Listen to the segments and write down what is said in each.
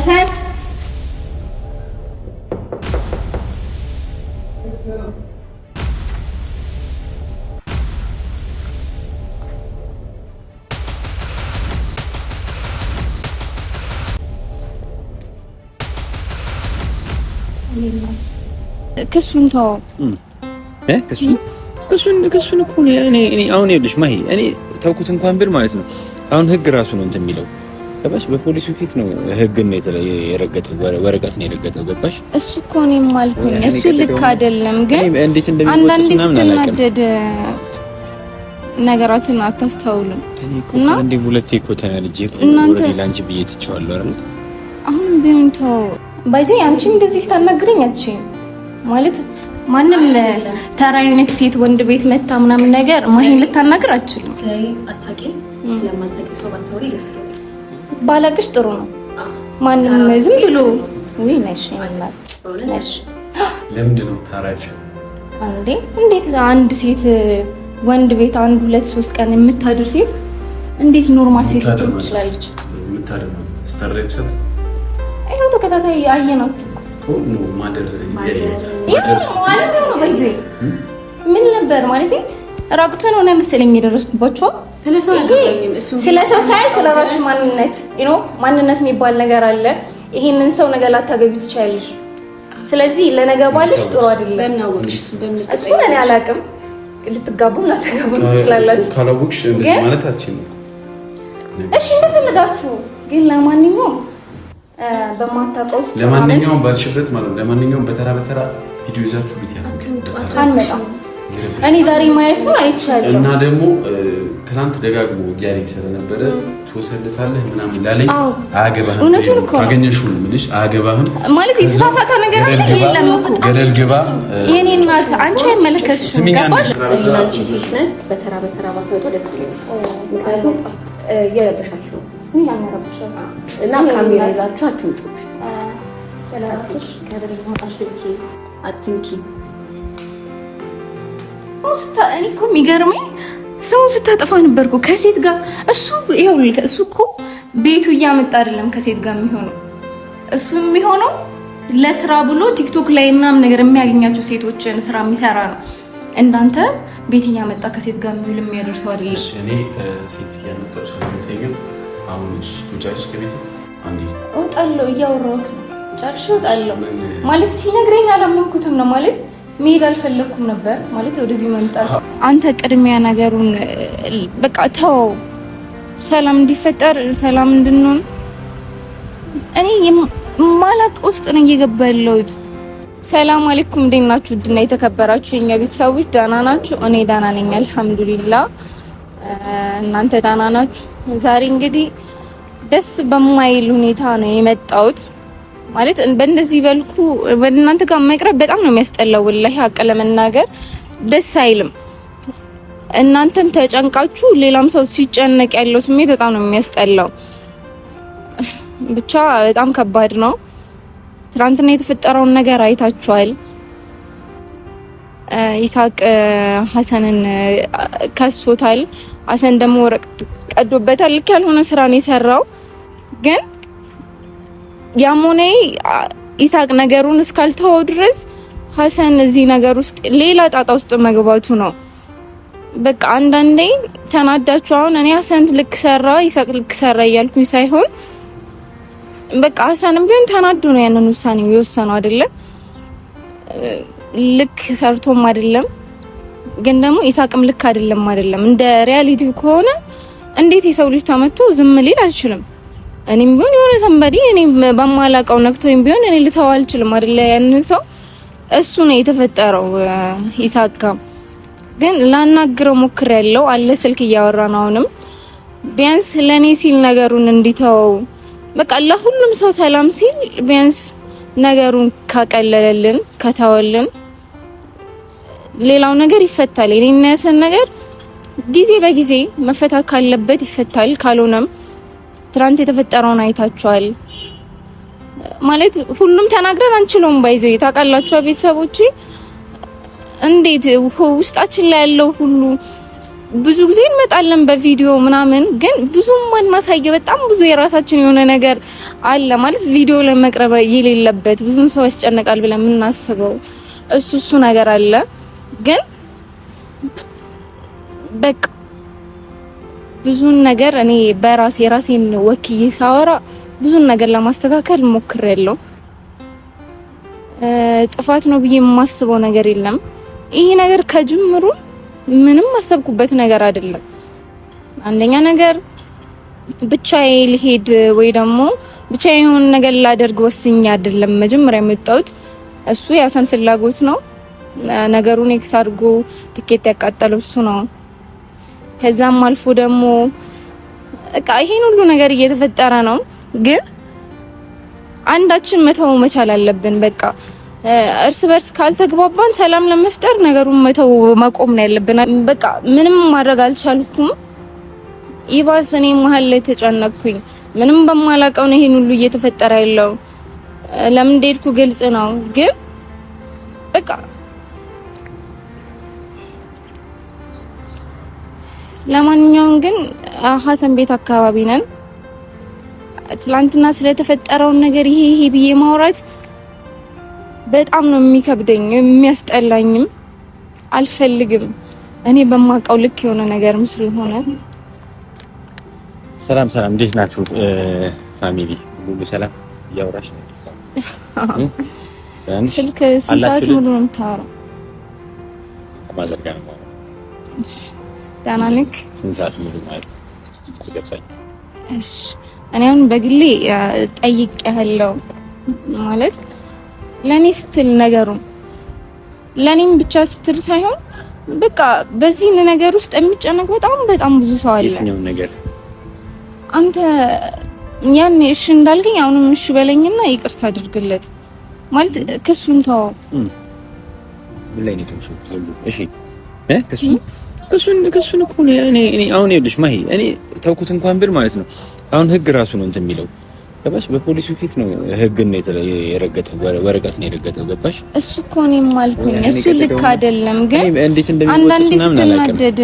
ያደረሰን ክሱን ተወው። ክሱን ክሱን እኮ እኔ አሁን ይኸውልሽ ማሂ እኔ ተውኩት እንኳን ብል ማለት ነው አሁን ህግ ራሱ ነው እንትን የሚለው ገባሽ? በፖሊሱ ፊት ነው ህግን የረገጠው ወረቀት ነው የረገጠው። ገባሽ? እሱ እኮ እኔም አልኩኝ እሱ ልክ አይደለም። ግን አንዳንዴ ስትናደድ ነገራትን አታስተውልም። እና አንዴ ሁለቴ እኮ ተናድጄ እናንተ ላንቺ ብዬ ትቼዋለሁ አይደል? አሁን ቢሆን ተው ባይዚ አንቺም እንደዚህ ታናግረኝ አቺ ማለት ማንም ተራ የሆነች ሴት ወንድ ቤት መታ ምናምን ነገር ማሂን ልታናግር አትችልም። ስለዚህ አታውቂም ስለማታውቂው ሰው ባታወሪ ይደስላል ባላቅሽ ጥሩ ነው። ማንም ዝም ብሎ ውይ ነሽ ነሽ ልምድ ነው ታራጭ እንዴ? እንዴት አንድ ሴት ወንድ ቤት አንድ ሁለት ሶስት ቀን የምታድር ሴት እንዴት ኖርማል ሴት ልትሆን ትችላለች? ይኸው ተከታታይ አየናችሁ እኮ ማደር ማለት ነው። በዚህ ምን ነበር ማለት ራቁትን ሆነ መሰለኝ የደረስኩባቸው። ስለ ሰው ሳይ ስለ ራሱ ማንነት ኖ ማንነት የሚባል ነገር አለ። ይሄንን ሰው ነገር ላታገቢ ትችያለሽ። ስለዚህ ለነገ ባልሽ ጥሩ አይደለም። እሱን እኔ አላውቅም። ልትጋቡም ላትጋቡም ትችላላችሁ። ካላወቅሽ እሺ እንደፈለጋችሁ ግን ለማንኛውም በማታውቀው ለማንኛውም ባልሽበት ማለት ለማንኛውም በተራ በተራ ቪዲዮ ይዛችሁ ቤት ያለ አንመጣም እኔ ዛሬ ማየቱን አይቻለሁ እና ደግሞ ትናንት ደጋግሞ እያለኝ ስለነበረ ትወሰድፋለህ ምናምን ላለኝ አያገባህም፣ ካገኘሽው ነው የምልሽ። አያገባህም ማለት የተሳሳተ ነገር አለ የለም። ገደል ግባ የኔ እናት፣ አንቺ አይመለከትሽ። ገባሽ? በተራ በተራ ባትመጡ ደስ ይለኛል። ምክንያቱም እየረበሻችሁ ነው እና ካሜራ ይዛችሁ አትምጡ። ስለራስሽ ገደል ማጣሽ አትንኪ እኔ እኮ የሚገርመኝ ሰውን ስታጠፋ ነበርኩ ከሴት ጋር እሱ ይኸው እሱ እኮ ቤቱ እያመጣ አይደለም ከሴት ጋር የሚሆነው እሱ የሚሆነው ለስራ ብሎ ቲክቶክ ላይ ምናምን ነገር የሚያገኛቸው ሴቶችን ስራ የሚሰራ ነው። እንዳንተ ቤት እያመጣ ከሴት ጋር የሚውል የሚያደርሰው አለ። እኔ ሴት እያመጣሁ ስለምትይው አሁን ጫጭ ከቤት እወጣለሁ እያወራሁ ጫጭ እወጣለሁ ማለት ሲነግረኝ አላመንኩትም ነው ማለት መሄድ አልፈለኩም ነበር ማለት ወደዚህ መምጣት። አንተ ቅድሚያ ነገሩን በቃ ተው፣ ሰላም እንዲፈጠር ሰላም እንድንሆን እኔ ማላቅ ውስጥ ነው እየገባ ያለሁት። ሰላም አለይኩም፣ እንዴት ናችሁ? ድና የተከበራችሁ የኛ ቤተሰቦች ዳና ናችሁ? እኔ ዳና ነኝ አልሐምዱሊላህ። እናንተ ዳና ናችሁ? ዛሬ እንግዲህ ደስ በማይል ሁኔታ ነው የመጣሁት። ማለት በእንደዚህ በልኩ በእናንተ ጋር መቅረብ በጣም ነው የሚያስጠላው። ወላሂ ሀቅ ለመናገር ደስ አይልም። እናንተም ተጨንቃችሁ ሌላም ሰው ሲጨነቅ ያለው ስሜት በጣም ነው የሚያስጠላው። ብቻ በጣም ከባድ ነው። ትናንትና የተፈጠረውን ነገር አይታችኋል። ኢሳቅ ሀሰንን ከሶታል። ሀሰን ደግሞ ወረቀት ቀዶበታል። ልክ ያልሆነ ስራ ነው የሰራው ግን ያሞኔ ኢሳቅ ነገሩን እስካልተወው ድረስ ሀሰን እዚህ ነገር ውስጥ ሌላ ጣጣ ውስጥ መግባቱ ነው። በቃ አንዳንዴ ተናዳችሁ አሁን እኔ ሀሰን ልክ ሰራ ኢሳቅ ልክ ሰራ እያልኩኝ ሳይሆን በቃ ሀሰንም ቢሆን ተናዶ ነው ያንን ውሳኔ የወሰነው አይደለ? ልክ ሰርቶም አይደለም ግን ደግሞ ኢሳቅም ልክ አይደለም አይደለም። እንደ ሪያሊቲው ከሆነ እንዴት የሰው ልጅ ተመቶ ዝም ሊል አልችልም። እኔም ቢሆን የሆነ ሰንበዲ እኔ በማላቀው ነክቶኝ ቢሆን እኔ ልተው አልችልም አይደለ? ያን ሰው እሱ ነው የተፈጠረው። ይሳካ ግን ላናግረው ሞክር ያለው አለ። ስልክ እያወራ ነው አሁንም። ቢያንስ ለኔ ሲል ነገሩን እንዲተው በቃ ለሁሉም ሰው ሰላም ሲል ቢያንስ ነገሩን ካቀለለልን ከተወልን ሌላው ነገር ይፈታል። እኔ ነገር ጊዜ በጊዜ መፈታት ካለበት ይፈታል፣ ካልሆነም ትናንት የተፈጠረውን አይታችኋል። ማለት ሁሉም ተናግረን አንችለውም። ባይዞ ታውቃላችሁ ቤተሰቦች እንዴት ውስጣችን ላይ ያለው ሁሉ ብዙ ጊዜ እንመጣለን በቪዲዮ ምናምን፣ ግን ብዙ ማናሳየ በጣም ብዙ የራሳችን የሆነ ነገር አለ ማለት ቪዲዮ ለመቅረብ የሌለበት ብዙም ሰው ያስጨንቃል ብለን የምናስበው እሱ እሱ ነገር አለ ግን በቃ ብዙን ነገር እኔ በራሴ ራሴን ወክዬ ሳወራ ብዙን ነገር ለማስተካከል ሞክሬያለሁ። ጥፋት ነው ብዬ የማስበው ነገር የለም። ይሄ ነገር ከጅምሩ ምንም አሰብኩበት ነገር አይደለም። አንደኛ ነገር ብቻዬ ልሄድ ወይ ደግሞ ብቻዬ የሆነ ነገር ላደርግ ወስኜ አይደለም መጀመሪያ የመጣሁት። እሱ ያሰን ፍላጎት ነው ነገሩን ኤክስ አድርጎ ትኬት ያቃጠለው እሱ ነው። ከዛም አልፎ ደግሞ እቃ ይሄን ሁሉ ነገር እየተፈጠረ ነው፣ ግን አንዳችን መተው መቻል አለብን። በቃ እርስ በርስ ካልተግባባን ሰላም ለመፍጠር ነገሩን መተው መቆም ነው ያለብን። በቃ ምንም ማድረግ አልቻልኩም። ይባስ እኔ መሀል ላይ ተጨነቅኩኝ። ምንም በማላውቀው ነው ይሄን ሁሉ እየተፈጠረ ያለው። ለምን እንደሄድኩ ግልጽ ነው፣ ግን በቃ ለማንኛውም ግን ሀሰን ቤት አካባቢ ነን። ትላንትና ስለተፈጠረውን ነገር ይሄ ይሄ ብዬ ማውራት በጣም ነው የሚከብደኝ የሚያስጠላኝም፣ አልፈልግም። እኔ በማውቀው ልክ የሆነ ነገር ነገርም ሆነ። ሰላም ሰላም፣ እንዴት ናችሁ ፋሚሊ? ሁሉ ሰላም እያወራሽ ነው ስልክ ስንት ሰዓት ሙሉ ነው የምታወራው? ደህና ነህ? ስንት ሰዓት ሙሉ ማለት ገባኝ። እሺ እኔ አሁን በግሌ ጠይቅ ያለው ማለት ለእኔ ስትል ነገሩ ለእኔም ብቻ ስትል ሳይሆን በቃ በዚህ ነገር ውስጥ የሚጨነቅ በጣም በጣም ብዙ ሰው አለ። የትኛውን ነገር አንተ ያን እሺ እንዳልከኝ አሁንም እሺ በለኝና ይቅርታ አድርግለት ማለት ክሱን ተወው። ምን ላይ ነው? እሺ እሺ እ ክሱን እሱን ከሱን እኮ እኔ እኔ አሁን ይኸውልሽ ማሂ እኔ ተውኩት እንኳን ብል ማለት ነው አሁን ህግ ራሱ ነው እንትን የሚለው ገባሽ? በፖሊሱ ፊት ነው ህግ ነው የረገጠው፣ ወረቀት ነው የረገጠው። ገባሽ? እሱ እኮ እኔም አልኩኝ እሱ ልክ አይደለም፣ ግን እንዴት እንደሚወጣ ስናደድ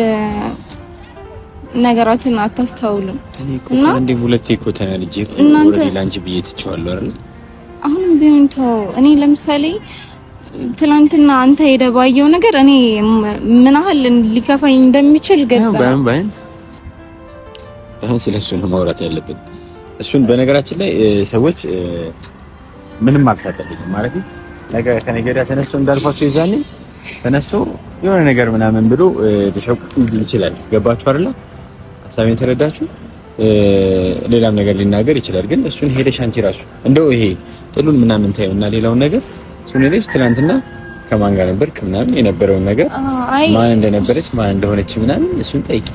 ነገራትን አታስተውልም። እኔ እኮ አንዴ ሁለቴ እኮ ተናልጄ እኮ ወደ ላንቺ ብዬ ትቼዋለሁ አይደል? አሁንም ቢሆን ተው እኔ ለምሳሌ ትላንትና አንተ ሄደህ ባየው ነገር እኔ ምን ያህል ሊከፋኝ እንደሚችል ገዛ። ባይሆን ባይሆን አሁን ስለሱ ነው ማውራት ያለብን። እሱን በነገራችን ላይ ሰዎች ምንም አልታጠልኝም ማለት ነገ ከነገ ወዲያ ተነስቶ እንዳልኳቸው ይዛኔ ተነስቶ የሆነ ነገር ምናምን ብሎ ተሸቁል ይችላል። ገባችሁ አይደለ? ሀሳቤን ተረዳችሁ? ሌላም ነገር ሊናገር ይችላል። ግን እሱን ሄደሽ አንቺ ራሱ እንደው ይሄ ጥሉን ምናምን ታየውና ሌላውን ነገር ሱኔሌሽ ትናንትና ከማን ጋር ነበርክ ምናምን የነበረውን ነገር ማን እንደነበረች ማን እንደሆነች ምናምን እሱን ጠይቂ።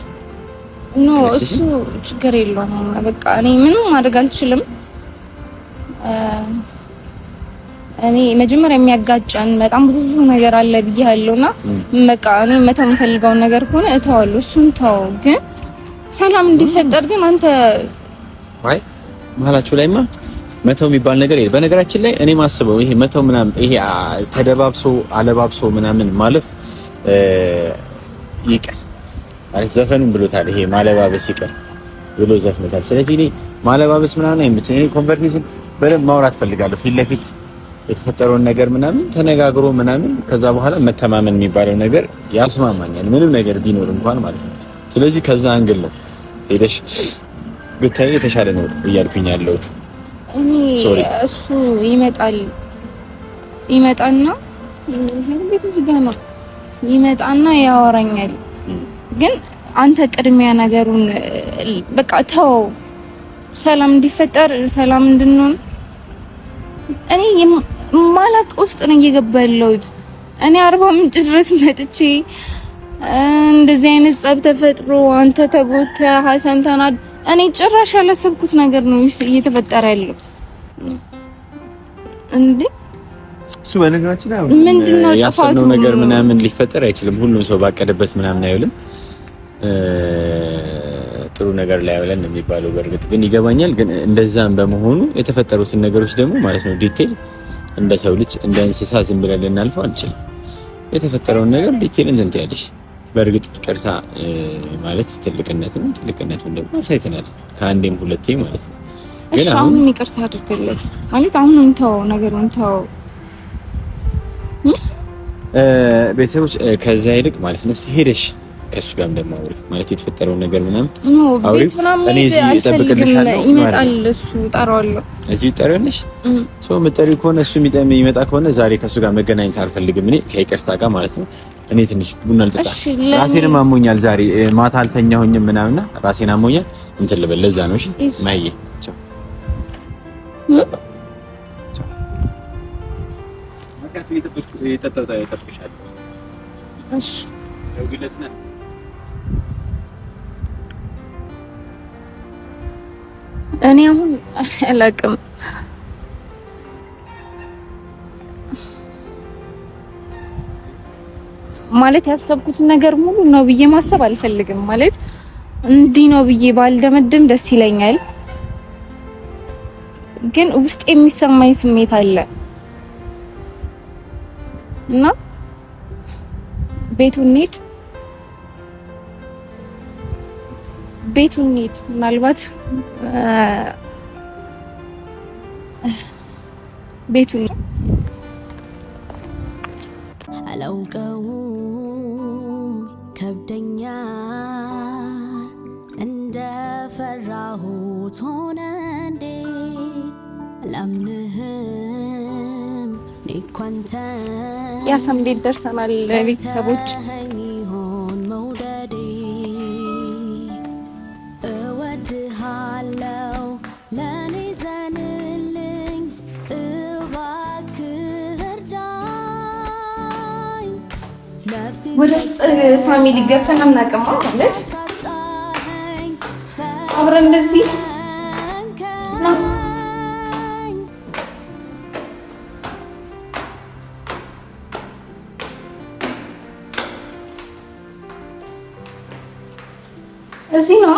ኖ እሱ ችግር የለውም። በቃ እኔ ምንም ማድረግ አልችልም። እኔ መጀመሪያ የሚያጋጨን በጣም ብዙ ብዙ ነገር አለ ብዬ ያለውና በቃ እኔ መተው የምፈልገውን ነገር ከሆነ እተዋለሁ። እሱን ተው፣ ግን ሰላም እንዲፈጠር ግን አንተ አይ መሀላችሁ ላይማ መተው የሚባል ነገር የለም። በነገራችን ላይ እኔ ማስበው ይሄ መተው ምናምን ይሄ ተደባብሶ አለባብሶ ምናምን ማለፍ ይቀር ማለት ዘፈኑን ብሎታል። ይሄ ማለባበስ ይቀር ብሎ ዘፍኖታል። ስለዚህ እኔ ማለባበስ ምናምን አይመችኝ። እኔ ኮንቨርሴሽን በደንብ ማውራት ፈልጋለሁ ፊት ለፊት የተፈጠረውን ነገር ምናምን ተነጋግሮ ምናምን ከዛ በኋላ መተማመን የሚባለው ነገር ያስማማኛል፣ ምንም ነገር ቢኖር እንኳን ማለት ነው። ስለዚህ ከዛ አንግል ነው ሄደሽ ብታይ የተሻለ ነው እያልኩኝ ያለሁት። እኔ እሱ ይመጣል ይመጣና ቤቱ ዝጋ ነው ይመጣና ያወራኛል። ግን አንተ ቅድሚያ ነገሩን በቃ ተው፣ ሰላም እንዲፈጠር ሰላም እንድንሆን እኔ ማላቅ ውስጥ ነው እየገባ ያለሁት። እኔ አርባ ምንጭ ድረስ መጥቼ እንደዚህ አይነት ጸብ ተፈጥሮ አንተ ተጎተ ሀሰን ተናድ እኔ ጭራሽ ያላሰብኩት ነገር ነው እየተፈጠረ ያለው። እንዴ እሱ በነገራችን ላይ ምንድነው ያሰብነው ነገር ምናምን ሊፈጠር አይችልም። ሁሉም ሰው ባቀደበት ምናምን አይውልም። ጥሩ ነገር ላይ ያውለን የሚባለው በእርግጥ ግን ይገባኛል። ግን እንደዛም በመሆኑ የተፈጠሩትን ነገሮች ደግሞ ማለት ነው ዲቴል እንደ ሰው ልጅ እንደ እንስሳ ዝም ብለን ልናልፈው አንችልም። የተፈጠረውን ነገር ዲቴል እንትን ትያለሽ በእርግጥ ይቅርታ ማለት ትልቅነት ነው። ትልቅነቱን ደግሞ አሳይተናል ከአንዴም ሁለቴ ማለት ነው። ግን አሁንም ይቅርታ አድርግለት ማለት አሁንም ተው ነገሩን ተው። ቤተሰቦች ከዛ ይልቅ ማለት ነው ሄደሽ ከሱ ጋርም ደግሞ ማለት የተፈጠረውን ነገር ምናምን አውሪ። እኔ እዚህ እጠብቅልሻለሁ። ይመጣል እሱ እጠራዋለሁ። እዚህ ይጠሪያለሽ። ሰው የምጠሪው ከሆነ እሱ ይመጣ ከሆነ ዛሬ ከሱ ጋር መገናኘት አልፈልግም እኔ ከይቅርታ ጋር ማለት ነው እኔ ትንሽ ቡና ልጠጣ፣ ራሴንም አሞኛል። ዛሬ ማታ አልተኛ አልተኛሁኝም ምናምን ራሴን አሞኛል እንትን ልበል። ለዛ ነው። እሺ ማየ እኔ አሁን አላውቅም። ማለት ያሰብኩትን ነገር ሙሉ ነው ብዬ ማሰብ አልፈልግም። ማለት እንዲህ ነው ብዬ ባልደመድም ደስ ይለኛል፣ ግን ውስጥ የሚሰማኝ ስሜት አለ እና ቤቱን እንሂድ ቤቱን እንሂድ ምናልባት ቤቱን አላውቀውም ይከብደኛል እንደ ፈራሁት ሆነ እንዴ ላምንህም ኔኳንተ ያሰም ደርሰናል ቤተሰቦች ወደ ውስጥ ፋሚሊ ገብተን አናውቅም ማለት አብረን እንደዚህ ነው። እዚህ ነው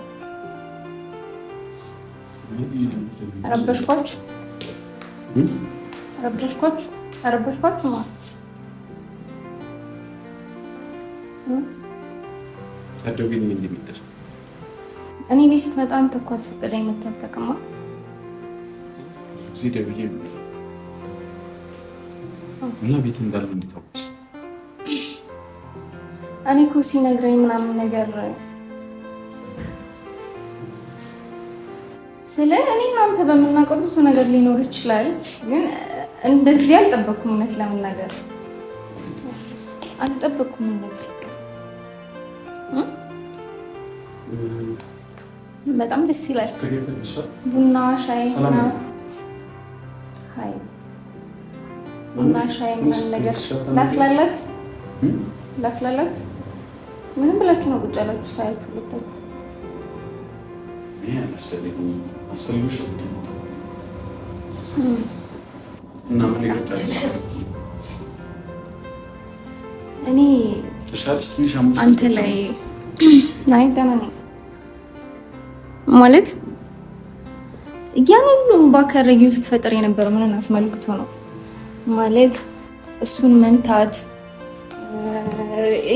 ረበሽኳችሁ ረበሽኳችሁ ረበሽኳችሁ ማለት ጸደው ግን ምን እንደሚደር እኔ ቤት ስትመጣ አንተ እኮ አስፈቅደህ የምታጠቅማ ብዙ ጊዜ ደብዬ እና ቤት እንዳለ እንዲታወስ እኔ እኮ ሲነግረኝ ምናምን ነገር ስለ እኔ እናንተ በምናውቀው ብዙ ነገር ሊኖር ይችላል፣ ግን እንደዚህ አልጠበቅኩም። እውነት ለመናገር አልጠበቅኩም። እንደዚህ በጣም ደስ ይላል። ቡና ሻይ ቡና ሻይ ነገር ላፍላላችሁ ላፍላላችሁ ምንም ብላችሁ ነው ቁጭ ያላችሁ ሳያችሁ ልታችሁ አስፈልጉሽ እና ምን እኔ አንተ ላይ ደህና ነኝ ማለት ያን ሁሉ ባከረጊ ስትፈጠር የነበረው ምንን አስመልክቶ ነው ማለት እሱን መምታት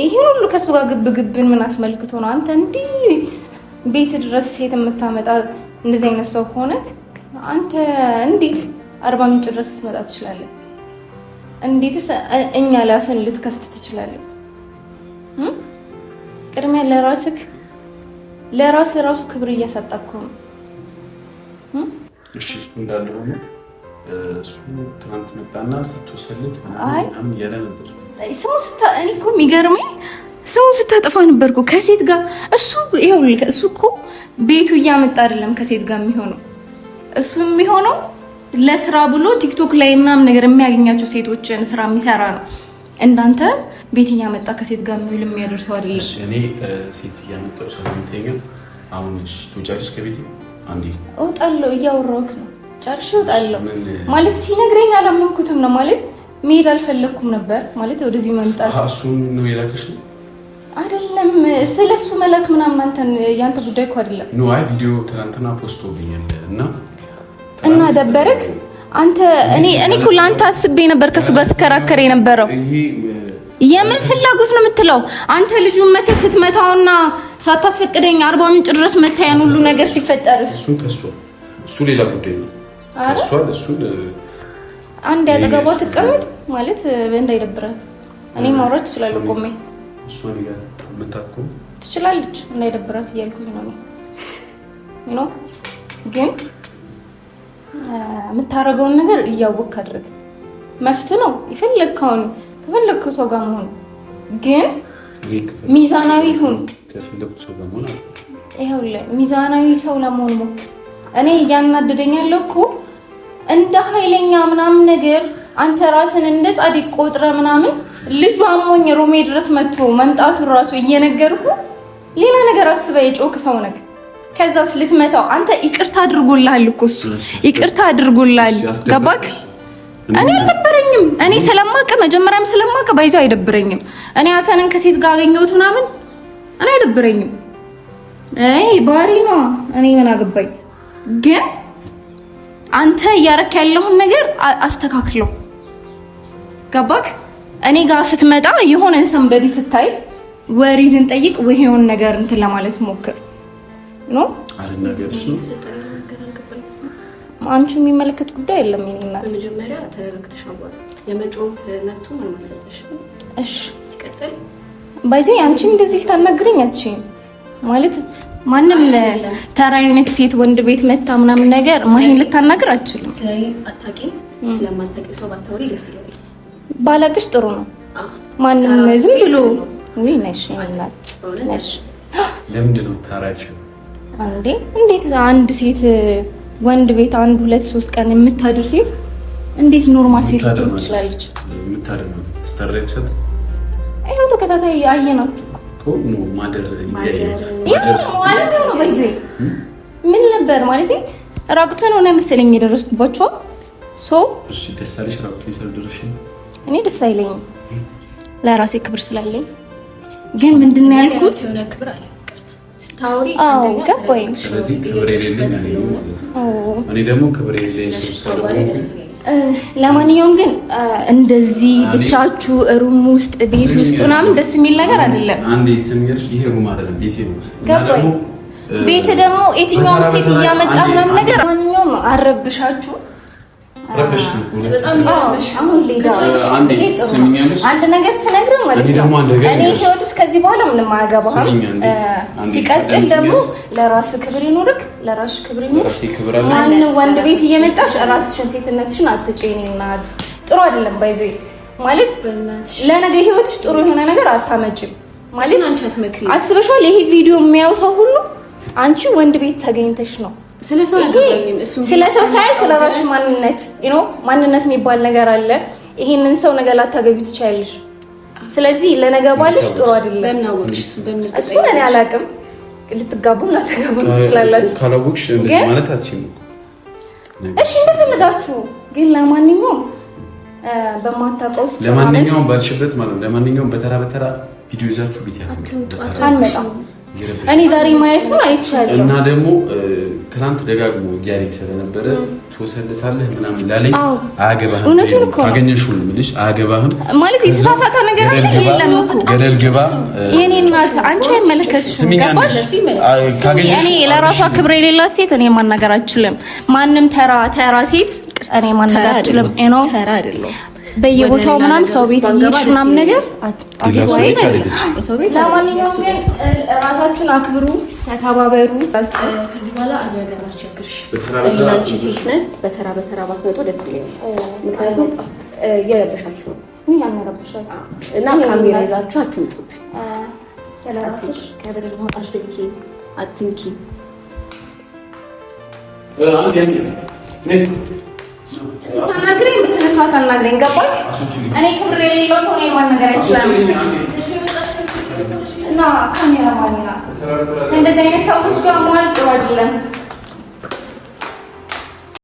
ይህን ሁሉ ከእሱ ጋር ግብን ምን አስመልክቶ ነው አንተ እንዲህ ቤት ድረስ ሴት የምታመጣ እንደዚህ አይነት ሰው ከሆነ አንተ እንዴት አርባ ምንጭ ድረስ ልትመጣ ትችላለህ? እንዴትስ እኛ ላፍን ልትከፍት ትችላለህ? ቅድሚያ ለራስህ ለራስ ራሱ ክብር እያሳጣኩ ነው። እሺ እሱ እንዳለ ሆኖ እሱ ትናንት መጣና ስትወሰልት ምናምን ያለ ነበር ስሙ እኔ እኮ የሚገርመኝ ሰውን ስታጠፋ ነበርኩ ከሴት ጋር እሱ ይኸውልህ፣ እሱ እኮ ቤቱ እያመጣ አይደለም ከሴት ጋር የሚሆነው እሱ የሚሆነው ለስራ ብሎ ቲክቶክ ላይ ምናምን ነገር የሚያገኛቸው ሴቶችን ስራ የሚሰራ ነው። እንዳንተ ቤት እያመጣ ከሴት ጋር የሚውል የሚያደርሰው አይደለም። እኔ ሴት እያመጣሁ ስለምትይኝ አሁን ትወጫለሽ ከቤት አንዴ እወጣለሁ። እያወራሁት ነው ጨርሼ እወጣለሁ ማለት ሲነግረኝ አላመንኩትም ነው ማለት መሄድ አልፈለኩም ነበር ማለት ወደዚህ መምጣት እሱ ነው የላከሽ ነው አይደለም ስለ እሱ መላክ ምናምን አንተን ያንተ ጉዳይ እኮ አይደለም። ኖ አይ ቪዲዮ ትናንትና ፖስቶብኛል እና እና ደበረክ አንተ እኔ እኔ እኮ ለአንተ አስቤ ነበር ከሱ ጋር ስከራከር የነበረው የምን ፍላጎት ነው የምትለው አንተ ልጁን መተህ ስትመታውና ሳታስፈቅደኝ አርባ ምንጭ ድረስ መታያን ሁሉ ነገር ሲፈጠር እሱ ከሱ እሱ ሌላ ጉዳይ ነው። እሱ እሱ አንድ ያጠገቧ ትቀመጥ ማለት እንዳይደብራት እኔ ማውራት እችላለሁ ቆሜ እሷን የምታት ከሆነ ትችላለች፣ እንዳይደብራት እያልኩኝ ነው ነው ግን የምታደርገውን ነገር እያወቅ አድርግ። መፍትህ ነው የፈለግከውን ከፈለግከው ሰው ጋር መሆን ግን ሚዛናዊ ሁን። ይኸውልህ ሚዛናዊ ሰው ለመሆን ሞክር። እኔ እያናደደኝ ያለው እኮ እንደ ኃይለኛ ምናምን ነገር አንተ ራስን እንደ ጻድቅ ቆጥረ ምናምን ልጁ አሞኝ ሮሜ ድረስ መጥቶ መምጣቱ ራሱ እየነገርኩ ሌላ ነገር አስበ የጮክ ሰው ነህ። ከዛስ ልትመታው አንተ ይቅርታ አድርጎልሃል እኮ እሱ ይቅርታ አድርጎልሃል። ገባክ? እኔ አልደበረኝም። እኔ ስለማውቅ መጀመሪያም ስለማውቅ ባይዞ አይደብረኝም። እኔ ሀሰንን ከሴት ጋር አገኘሁት ምናምን እኔ አይደብረኝም። አይ ባህሪ ነው። እኔ ምን አገባኝ? ግን አንተ እያረክ ያለውን ነገር አስተካክለው። ገባክ? እኔ ጋር ስትመጣ የሆነ ሰንበዲ ስታይ ወሪዝን ጠይቅ ወይ ነገር እንትን ለማለት ሞክር ኖ አንቺ የሚመለከት ጉዳይ የለም። የእኔ እናት በመጀመሪያ ተረጋግተሽ አዋል የመጮህ መብቱ ምንም አልሰጠሽም። እሺ ሲቀጥል ባይዚ አንቺ እንደዚህ ታናግረኝ ማለት ማንም ተራ አይነት ሴት ወንድ ቤት መታ ምናምን ነገር ማሂን ልታናግር አችልም። ስለዚህ አታውቂም። ስለማታውቂው ሰው ባታወሪ ደስ ይላል። ባላቅሽ ጥሩ ነው። ማንም ዝም ብሎ ውይ ነሽ ነሽ ነው እንዴ! እንዴት አንድ ሴት ወንድ ቤት አንድ ሁለት ሶስት ቀን የምታድር ሴት እንዴት ኖርማል ሴት ልትሆን ትችላለች? የምታድር ነው ይኸው ተከታታይ አየናችሁ ነው ምን ነበር ማለት ራቁተን ሆነ መሰለኝ የደረስኩባችሁ ሶ እሺ እኔ ደስ አይለኝም ለራሴ ክብር ስላለኝ። ግን ምንድን ነው ያልኩት? አዎ ገባኝ። ለማንኛውም ግን እንደዚህ ብቻችሁ ሩም ውስጥ ቤት ውስጥ ምናምን ደስ የሚል ነገር አይደለም። ቤት ደግሞ የትኛውን ሴት እያመጣ ምናምን ነገር ማንኛውም አረብሻችሁ አንድ ነገር ስነግርህ ማለት ነው እኔ ህይወት ውስጥ ከዚህ በኋላ ምንም አያገባህም። ሲቀጥል ደግሞ ክብር ክብር ይኑር። ማን ወንድ ቤት እየመጣሽ ራስሽን ሴትነትሽን አትጭኝ። እናት ጥሩ አይደለም። ማለት ለነገ ህይወትሽ ጥሩ የሆነ ነገር አታመጭም ማለት አስበሽዋል። ይሄ ቪዲዮ የሚያው ሰው ሁሉ አንቺ ወንድ ቤት ተገኝተሽ ነው ስለ ሰው ሳይሆን ስለ ራስሽ ማንነት ኖ ማንነት የሚባል ነገር አለ። ይሄንን ሰው ነገር ላታገቢ ትችያለሽ። ስለዚህ ለነገ ባልሽ ጥሩ አይደለም። እሱን እኔ አላውቅም። ልትጋቡም ላተጋቡም ትችላላችሁ። እሺ እንደፈለጋችሁ ግን ለማንኛውም በማታውቀው ውስጥ ለማንኛውም ባልሽበት ማለት ለማንኛውም በተራ በተራ ቪዲዮ ይዛችሁ ቤት ያ አንመጣም እኔ ዛሬ ማየቱን አይቻለሁ እና ደግሞ ትናንት ደጋግሞ እያለኝ ስለነበረ ትወሰልታለህ ምናምን ላለኝ አያገባህም፣ አገኘሽው ልምልሽ አያገባህም ማለት የተሳሳተ ነገር አለ የለም እኮ ገደል ግባ። የኔ እናት አንቺ አይመለከትሽም። ገባሽ? እኔ ለራሷ ክብር የሌላት ሴት እኔ ማናገር አችልም። ማንም ተራ ተራ ሴት እኔ ማናገር አችልም ተራ አይደለም በየቦታው ምናምን ሰው ቤት እየሄድሽ ምናምን ነገር ለማንኛውም ራሳችሁን አክብሩ፣ ተከባበሩ። ከዚህ በኋላ አጀንዳ ማስቸግርሽ ለአንቺ ሴት ነን። በተራ በተራ ባትመጡ ደስ ይለኛል። ምክንያቱም እየረበሻችሁ ነው እና ካሜራ ይዛችሁ አትምጡብ። ስለራስሽ ከበደል መውጣት ትንኪ አትንኪ ስታናግረኝ በስነ ስርዓት አናግረኝ። ገባኝ። እኔ ክብር የሌለው ሰው እኔን ማናገር አይችልም። እና ካሜራ ማን ነው? እንደዚህ አይነት ሰዎች ጋር መዋል ጥሩ አይደለም።